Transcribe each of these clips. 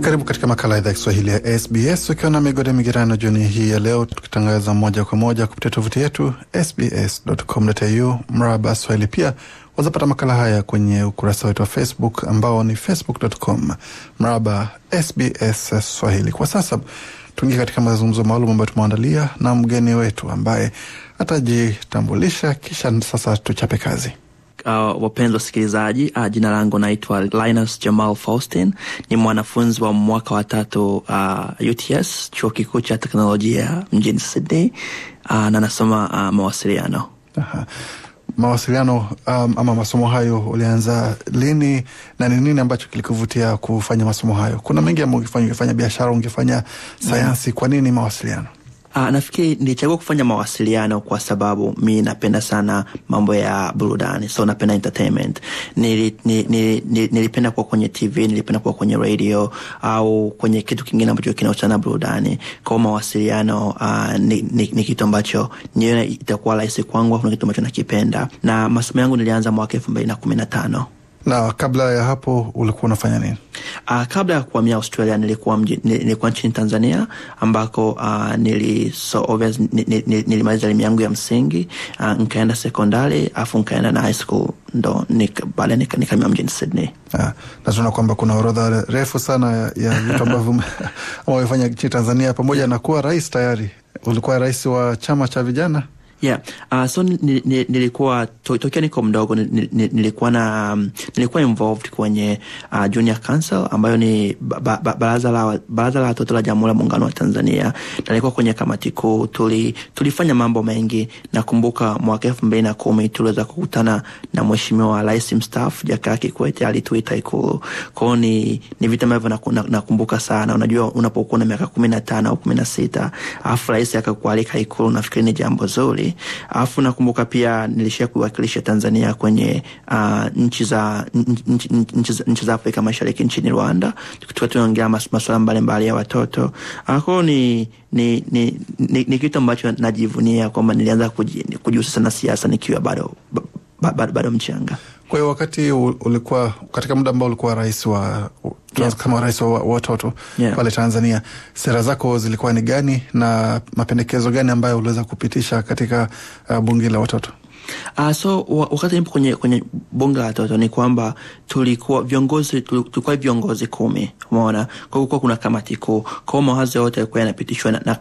Karibu katika makala ya idhaa ya Kiswahili ya SBS ukiwa na migode migerano. Jioni hii ya leo tukitangaza moja kwa moja kupitia tovuti yetu sbs.com.au mraba swahili. Pia wazapata makala haya kwenye ukurasa wetu wa Facebook ambao ni facebook.com mraba SBS Swahili. Kwa sasa tuingia katika mazungumzo maalum ambayo tumeandalia na mgeni wetu ambaye atajitambulisha, kisha sasa tuchape kazi. Uh, wapenzi wasikilizaji, uh, jina langu naitwa Linus Jamal Faustin, ni mwanafunzi wa mwaka wa tatu uh, UTS chuo kikuu cha teknolojia mjini Sydney, uh, na nasoma uh, mawasiliano. Aha. Mawasiliano um, ama masomo hayo ulianza lini na ni nini ambacho kilikuvutia kufanya masomo hayo? Kuna mengi ambayo ungefanya, ungefanya biashara, ungefanya mm. sayansi, kwa nini mawasiliano? Ah, nafikiri nilichagua kufanya mawasiliano kwa sababu mi napenda sana mambo ya burudani, so napenda entertainment. Nili, nili, nili, nilipenda kuwa kwenye TV, nilipenda kuwa kwenye radio au kwenye kitu kingine ambacho kinahusiana na burudani. kwao mawasiliano uh, ni, ni, ni kitu ambacho niona itakuwa rahisi kwangu, kuna kitu ambacho nakipenda, na masomo yangu nilianza mwaka elfu mbili na kumi na tano. Na kabla ya hapo ulikuwa unafanya nini? Uh, kabla ya kuhamia Australia nilikuwa, mji, nilikuwa nchini Tanzania ambako uh, nilimaliza nili, nili elimu yangu ya msingi uh, ah, nkaenda sekondari afu nkaenda na high school ndo baadae nikamia mjini Sydney. Ah, natuona kwamba kuna orodha refu sana ya vitu ambavyo amefanya nchini Tanzania pamoja na kuwa rais tayari. Ulikuwa rais wa chama cha vijana Yeah. Uh, so nilikuwa to, tokea niko mdogo nilikuwa na um, nilikuwa involved kwenye uh, Junior Council ambayo ni ba, ba, baraza la baraza la watoto la Jamhuri ya Muungano wa Tanzania na nilikuwa kwenye kamati kuu. Tuli, tulifanya mambo mengi. Nakumbuka mwaka elfu mbili na kumi tuliweza kukutana na mheshimiwa rais mstaafu Jakaya Kikwete, alituita Ikulu. Kwa hiyo ni, ni vitu ambavyo nakumbuka sana. Unajua, unapokuwa na miaka kumi na tano au kumi na sita alafu rais akakualika Ikulu, nafikiri ni jambo zuri Alafu nakumbuka pia nilishia kuwakilisha Tanzania kwenye uh, nchi za nchi za Afrika Mashariki nchini Rwanda, tukiwa tunaongea masuala mbalimbali ya watoto. Ako ah, ni ni, ni, ni, ni kitu ambacho najivunia kwamba nilianza kujihusisha na siasa nikiwa bado bado mchanga. Kwa hiyo wakati ulikuwa katika muda ambao ulikuwa rais wa yeah. kama rais wa watoto yeah. pale Tanzania, sera zako zilikuwa ni gani na mapendekezo gani ambayo uliweza kupitisha katika uh, bunge la watoto? Uh, so wakati nipo kwenye, kwenye bunge la watoto ni kwamba tulikuwa viongozi tulikuwa viongozi kumi, umeona, kwa kuwa kuna kamati kuu kwao, mawazo yote yalikuwa yanapitishwa na, na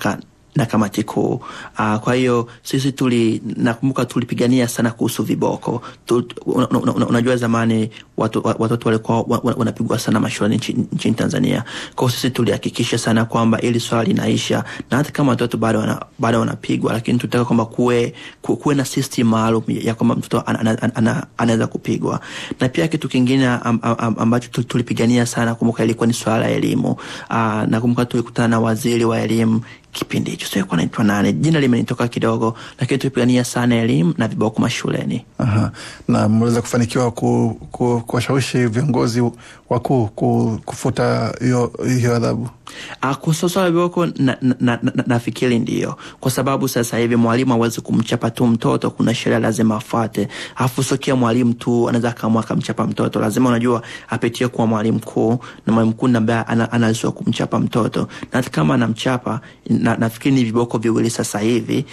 na kamati kuu. Uh, ah, Kwa hiyo sisi tuli, nakumbuka tulipigania sana kuhusu viboko. Unajua zamani watoto walikuwa wanapigwa sana mashuleni nchini Tanzania. Kwa hiyo sisi tulihakikisha sana kwamba ili swala linaisha, na hata kama watoto bado wanapigwa, lakini tunataka kwamba kuwe kuwe na system maalum ya kwamba mtoto anaweza kupigwa. Na pia kitu kingine ambacho tulipigania sana, kumbuka, ilikuwa ni swala la elimu. Uh, Nakumbuka tulikutana na waziri wa elimu kipindi hicho sio naitwa nane, jina limenitoka kidogo, lakini tulipigania sana elimu na viboko mashuleni. Aha. Na mliweza kufanikiwa kuwashawishi ku, ku, viongozi wakuu ku, kufuta hiyo adhabu? Ah, Kusosola viboko na, na, na, na, nafikiri ndiyo, kwa sababu sasa hivi mwalimu awezi kumchapa tu mtoto, kuna sheria lazima afuate. Afu sokia mwalimu tu anaweza kamwa akamchapa mtoto, lazima unajua apitie kwa mwalimu mkuu, na mwalimu mkuu ambaye anaruhusiwa kumchapa mtoto, na kama anamchapa na, nafikiri ni viboko viwili sasa hivi.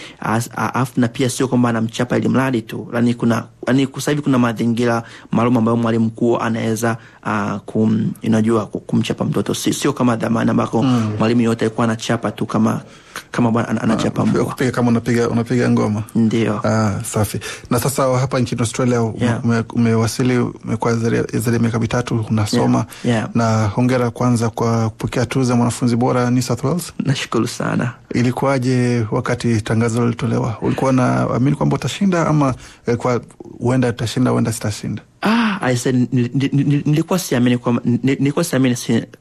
Afu na pia sio kwamba anamchapa ili mradi tu, yani kuna ni sasa kuna mazingira maalum ambayo mwalimu mkuu anaweza uh, kum, unajua kumchapa mtoto, sio kama dhamani ambako mm. mwalimu mm. yote alikuwa anachapa tu kama kama bwana anachapa ah, mbwa kama unapiga, unapiga ngoma ndio. Ah, safi. Na sasa hapa nchini Australia yeah. ume, umewasili umekuwa zaidi ya miaka mitatu unasoma yeah. Yeah. na hongera kwanza kwa kupokea tuzo ya mwanafunzi bora New South Wales. Nashukuru sana. Ilikuwaje wakati tangazo lilitolewa, ulikuwa na amini kwamba utashinda ama eh, kwa huenda utashinda huenda sitashinda? ah, aise, nilikuwa siamini nilikuwa siamini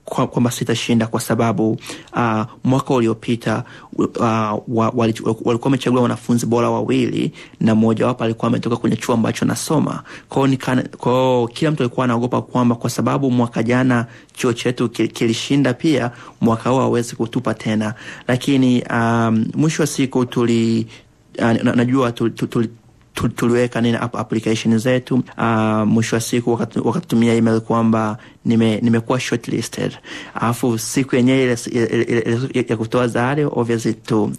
kwamba sitashinda kwa sababu uh, mwaka uliopita uh, walikuwa wali, wali wamechagua wanafunzi bora wawili na mmojawapo alikuwa ametoka kwenye chuo ambacho nasoma kwao. Kwao kila mtu alikuwa anaogopa kwamba kwa sababu mwaka jana chuo chetu kilishinda, pia mwaka huu hawezi kutupa tena, lakini um, mwisho wa siku tuli uh, najua tuli, tuli, tuliweka nini application zetu. Uh, mwisho wa siku wakatumia email kwamba nime nimekuwa shortlisted, alafu siku yenyewe ya kutoa zawadi obviously tu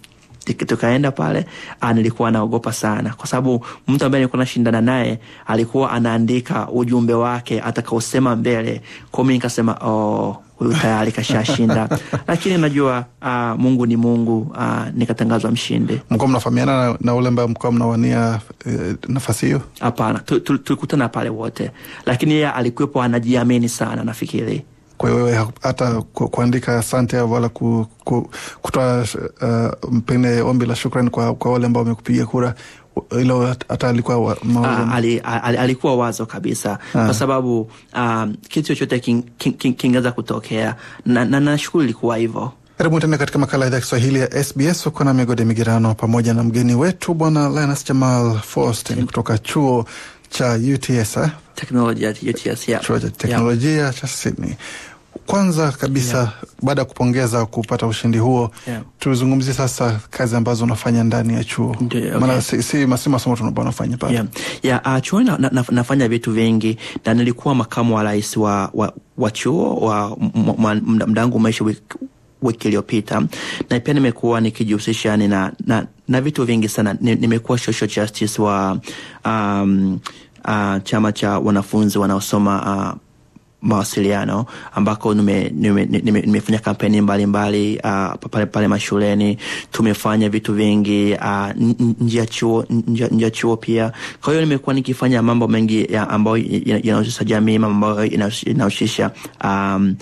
tukaenda pale, ah, nilikuwa naogopa sana, kwa sababu mtu ambaye nilikuwa nashindana naye alikuwa anaandika ujumbe wake atakaosema mbele. Kwa nikasema oh, huyu tayari kashashinda. Lakini najua uh, Mungu ni Mungu. Uh, nikatangazwa mshindi. Mlikuwa mnafahamiana na, na ule ambaye mlikuwa mnawania uh, nafasi hiyo? Hapana, tulikutana pale wote, lakini yeye alikuwepo anajiamini sana, nafikiri kwa hiyo hata kuandika asante wala kutoa uh, pengine ombi la shukrani kwa, kwa wale ambao wamekupiga kura ilo hata alikuwa wa, ah, ali, ali, alikuwa wazo kabisa ah. Kwa sababu um, kitu chochote kingeweza king, kutokea na, na nashukuru ilikuwa hivyo. Karibu tena katika makala ya idhaa ya Kiswahili ya SBS. Uko na Migode migirano pamoja na mgeni wetu Bwana Linus Jamal Fost kutoka chuo cha UTS, eh? teknolojia, UTS, yeah. chuo cha teknolojia yeah. cha Sydney kwanza kabisa yeah. Baada ya kupongeza kupata ushindi huo yeah. Tuzungumzie sasa kazi ambazo unafanya ndani ya chuo okay. si, si, si masomo tu unafanya pale yeah. Yeah, uh, chuo na, na, nafanya vitu vingi na nilikuwa makamu wa rais wa, wa, wa chuo wa mdangu maisha wiki, wiki iliyopita na pia nimekuwa nikijihusisha yani na, na, na vitu vingi sana. Nimekuwa social justice wa um, uh, chama cha wanafunzi wanaosoma uh, mawasiliano ambako nimefanya nime, nime, nime kampeni mbalimbali mbali, uh, pale pale mashuleni tumefanya vitu vingi uh, ah, nje ya chuo, chuo pia. Kwa hiyo nimekuwa nikifanya mambo mengi ya ambayo yanahusisha jamii, mambo ambayo inahusisha um,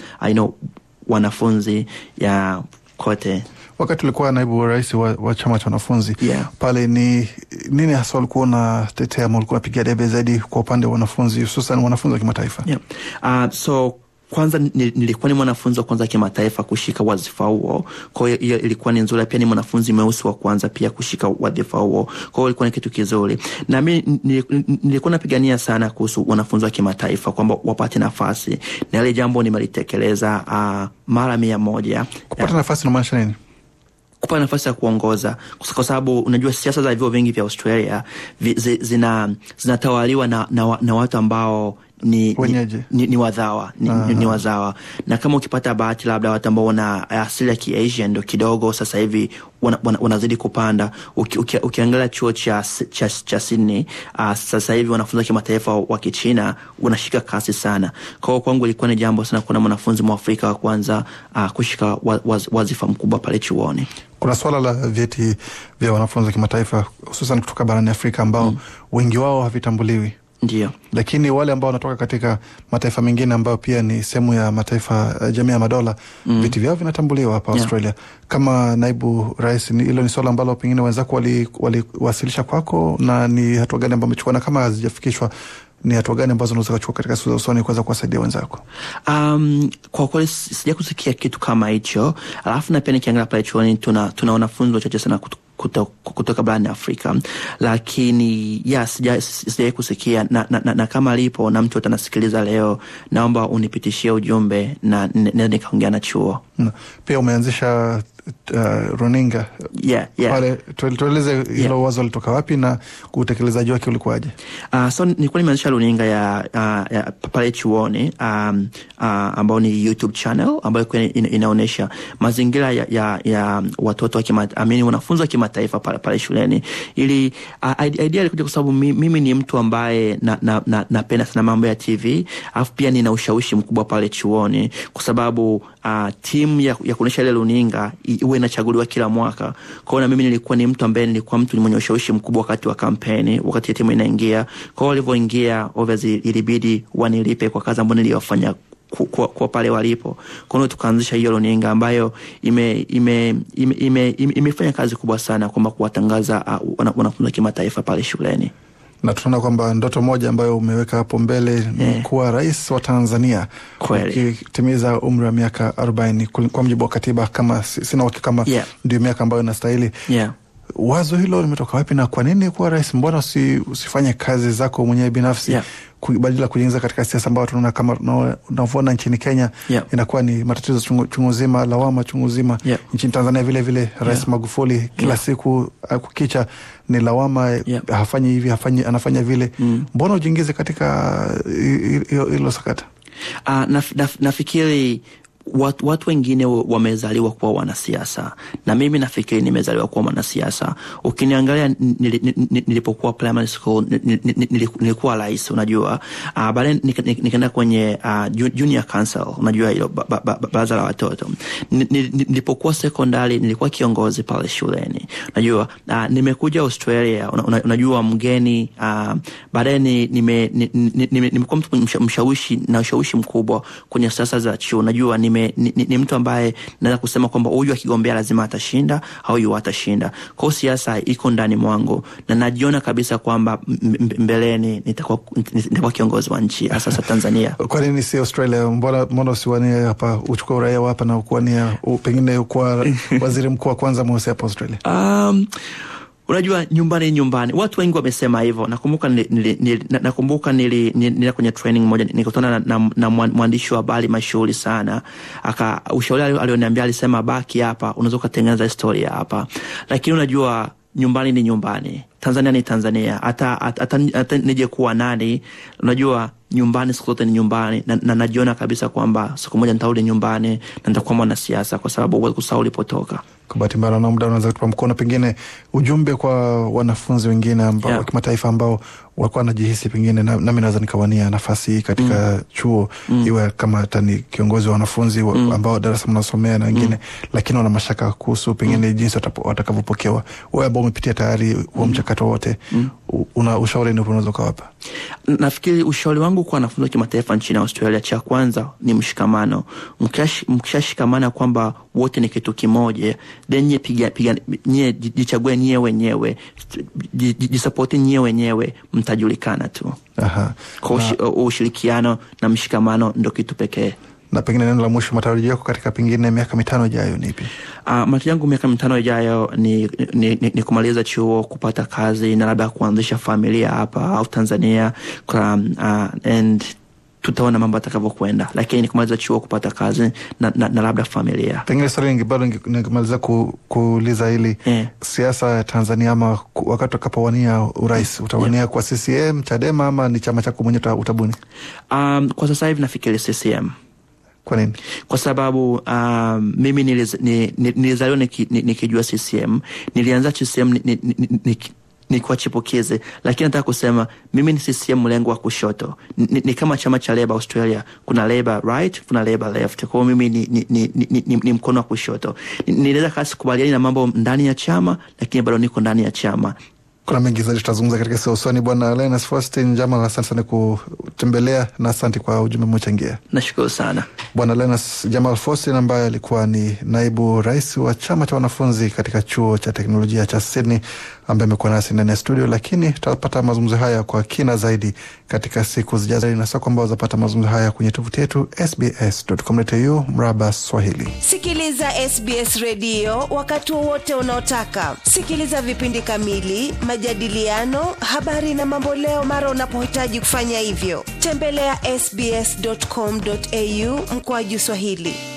wanafunzi ya kote wakati ulikuwa naibu wa rais wa, wa chama cha wanafunzi yeah. Pale ni nini hasa walikuwa na tetea ama walikuwa napiga debe zaidi kwa upande wa wanafunzi hususan wanafunzi wa kimataifa? yeah. Uh, so kwanza nilikuwa ni mwanafunzi wa kwanza kimataifa kushika wadhifa huo. Kwa hiyo ilikuwa ni nzuri, pia ni mwanafunzi mweusi wa kwanza pia kushika wadhifa huo, kwa hiyo ilikuwa ni kitu kizuri. Na mimi nilikuwa napigania sana kuhusu wanafunzi wa kimataifa kwamba wapate nafasi, na ile jambo nimelitekeleza uh, mara mia moja. Kupata nafasi inamaanisha nini? kupa nafasi ya kuongoza, kwa sababu unajua siasa za vyuo vingi vya Australia vi, zina zinatawaliwa na, na, na watu ambao ni, ni, ni, ni wazawa ni, uh -huh. ni wazawa, na kama ukipata bahati labda watu ambao wana eh, asili ya kiasia ndo kidogo sasa hivi wanazidi wana, wana kupanda. Uki, uki, ukiangalia chuo cha, cha, cha Sydney uh, sasa hivi wanafunzi wa kimataifa wa Kichina wanashika kasi sana. kwao kwangu ilikuwa ni jambo sana kuna mwanafunzi Mwafrika wa kwanza uh, kushika wa, waz, wazifa mkubwa pale chuoni kuna swala la vyeti vya wanafunzi wa kimataifa hususan kutoka barani Afrika ambao mm. wengi wao havitambuliwi ndio, lakini wale ambao wanatoka katika mataifa mengine ambayo pia ni sehemu ya mataifa eh, jamii ya madola mm. viti vyao vinatambuliwa hapa yeah. Kama naibu rais, hilo ni swala ambalo pengine wenzako waliwasilisha wali kwako, na ni hatua gani ambao amechukua, na kama hazijafikishwa ni hatua gani ambazo unaweza kuchukua katika siku za usoni kuweza kuwasaidia wenzako? Um, kwa kweli sija kusikia kitu kama hicho. Alafu na pia nikiangalia pale chuoni tuna, tuna wanafunzi wachache sana kutoka barani Afrika, lakini ya sijawai kusikia na, na, na, na kama lipo na mtu atanasikiliza leo, naomba unipitishie ujumbe na nikaongea na chuo. Pia umeanzisha uh, runinga yeah, yeah. Pale tueleze hilo yeah. Wazo litoka wapi na utekelezaji wake ulikuwaje? Uh, so nilikuwa nimeanzisha runinga ya, uh, ya pale chuoni um, uh, ambao ni YouTube channel ambayo in, inaonyesha mazingira ya, ya, ya watoto wa kima, amini wanafunzi wa kimataifa pale, pale shuleni ili uh, idea ilikuja kwa sababu mimi ni mtu ambaye napenda na, na, na sana mambo ya TV alafu pia nina ushawishi mkubwa pale chuoni kwa sababu uh, timu ya, ya kuonyesha ile runinga iwe inachaguliwa kila mwaka kwao, na mimi nilikuwa ni mtu ambaye nilikuwa mtu mwenye ushawishi mkubwa wakati wa kampeni, wakati ya timu inaingia kwao. Walivyoingia obviously ilibidi wanilipe kwa kazi ambayo niliyofanya kwa, kwa pale walipo. Kwa hiyo tukaanzisha hiyo runinga ambayo imefanya ime, ime, ime, ime, ime kazi kubwa sana kwamba kuwatangaza uh, wanafunzi wa kimataifa pale shuleni na tunaona kwamba ndoto moja ambayo umeweka hapo mbele yeah, kuwa rais wa Tanzania ukitimiza umri wa miaka arobaini kwa mjibu wa katiba, kama sina uhakika kama yeah, ndio miaka ambayo inastahili yeah. Wazo hilo limetoka wapi na kwa nini kuwa rais? Mbona usifanye kazi zako mwenyewe binafsi yeah kubadili kujiingiza katika siasa ambayo tunaona kama tunavyoona nchini Kenya yeah. Inakuwa ni matatizo chungu, chungu zima, lawama chungu zima yeah. Nchini Tanzania vile vile Rais yeah. Magufuli kila yeah. siku eh, kukicha ni lawama yeah. Hafanyi hivi hafanyi, anafanya vile mm. mbona Ujiingize katika eh, hilo sakata? Uh, naf, naf, nafikiri Watu, watu wengine wamezaliwa kuwa wanasiasa na mimi nafikiri nimezaliwa kuwa mwanasiasa. Ukiniangalia nilipokuwa primary school nilikuwa rais, unajua uh, baadaye nikaenda kwenye uh, junior council, unajua hilo baraza la watoto. Nilipokuwa sekondari nilikuwa kiongozi pale shuleni, unajua uh, nimekuja Australia, unajua mgeni uh, baadaye nimekuwa mtu mshawishi na ushawishi mkubwa kwenye siasa za chuo, unajua nime, ni, ni, ni mtu ambaye naweza kusema kwamba huyu akigombea lazima atashinda au yu atashinda. Kwa hiyo siasa iko ndani mwangu na najiona kabisa kwamba mbeleni nitakuwa nitakuwa kiongozi wa nchi hasa sasa Tanzania. Kwa nini si Australia? Mbona mbona usiwania hapa uchukue uraia hapa na ukuania pengine kuwa waziri mkuu wa kwanza mweusi hapa Australia? Um, Unajua, nyumbani nyumbani, watu wengi wamesema hivyo. Nakumbuka nakumbuka nili kwenye training moja nikutana na, na, na mwandishi wa habari mashuhuri sana, aka ushauri alioniambia, alisema baki hapa, unaweza ukatengeneza historia hapa, lakini unajua nyumbani ni nyumbani, Tanzania ni Tanzania, hata hata hata nije kuwa nani, unajua nyumbani siku zote ni nyumbani, na, na najiona kabisa kwamba siku moja nitarudi nyumbani na nitakuwa mwanasiasa, kwa sababu huwezi kusahau ulipotoka. Kwa bahati mbaya naona muda unaweza kutupa mkono, pengine ujumbe kwa wanafunzi wengine ambao yeah. wa kimataifa ambao walikuwa wanajihisi pengine nami na naweza nikawania nafasi hii katika mm. chuo mm. iwe kama hata ni kiongozi wa wanafunzi wa, mm. ambao darasa mnasomea na wengine mm. lakini wana mashaka kuhusu pengine mm. jinsi watakavyopokewa. Wewe ambao umepitia tayari huo mm. mchakato wote mm. una ushauri ni unaweza ukawapa? Nafikiri ushauri wangu kwa wanafunzi wa kimataifa nchini Australia, cha kwanza ni mshikamano. mkishashikamana kwamba wote ni kitu kimoja then nye piga piga nye jichague nye wenyewe jisapoti nye wenyewe, mtajulikana tu. Aha. Kwa ushirikiano na mshikamano ndo kitu pekee na pengine neno la mwisho, matarajio yako katika pengine miaka mitano ijayo ni ipi? Uh, matarajio yangu miaka mitano ijayo ni, ni, ni, ni kumaliza chuo, kupata kazi na labda kuanzisha familia hapa au Tanzania kwa, uh, and tutaona mambo atakavyokwenda, lakini nikumaliza chuo kupata kazi na, na, na labda familia. Pengine swali lingi bado ningemaliza ku, kuuliza hili yeah. Siasa ya Tanzania ama wakati utakapowania urais utawania yeah. kwa CCM Chadema ama ni chama chako mwenyewe utabuni? Um, kwa sasa hivi nafikiri CCM. Kwa nini? Kwa sababu um, mimi nilizaliwa nikijua CCM, nilianza CCM ni chipukizi lakini nataka kusema mimi ni CCM mlengo wa kushoto, ni, ni kama chama cha Labour Australia, kuna Labour right, kuna Labour left. Kwa hiyo mimi ni, ni, ni, ni, ni, ni mkono wa kushoto. Ninaweza kasi kubaliani na mambo ndani ya chama, lakini bado niko ndani ya chama kuna mengi zaidi tutazungumza katika sio usoni. Bwana Linus Faustin Jama, asante sana kutembelea na asante kwa ujumbe mmechangia. Nashukuru sana Bwana Linus Jamal Faustin ambaye alikuwa ni naibu rais wa chama cha wanafunzi katika chuo cha teknolojia cha Sydney ambaye amekuwa nasi ndani ya studio, lakini tutapata mazungumzo haya kwa kina zaidi katika siku zijazo, na sio ambao wazapata mazungumzo haya kwenye tovuti yetu sbs.com.au mraba Swahili. Sikiliza SBS redio wakati wowote unaotaka. Sikiliza vipindi kamili majadiliano, habari na mamboleo mara unapohitaji kufanya hivyo, tembelea sbs.com.au mkoaji Swahili.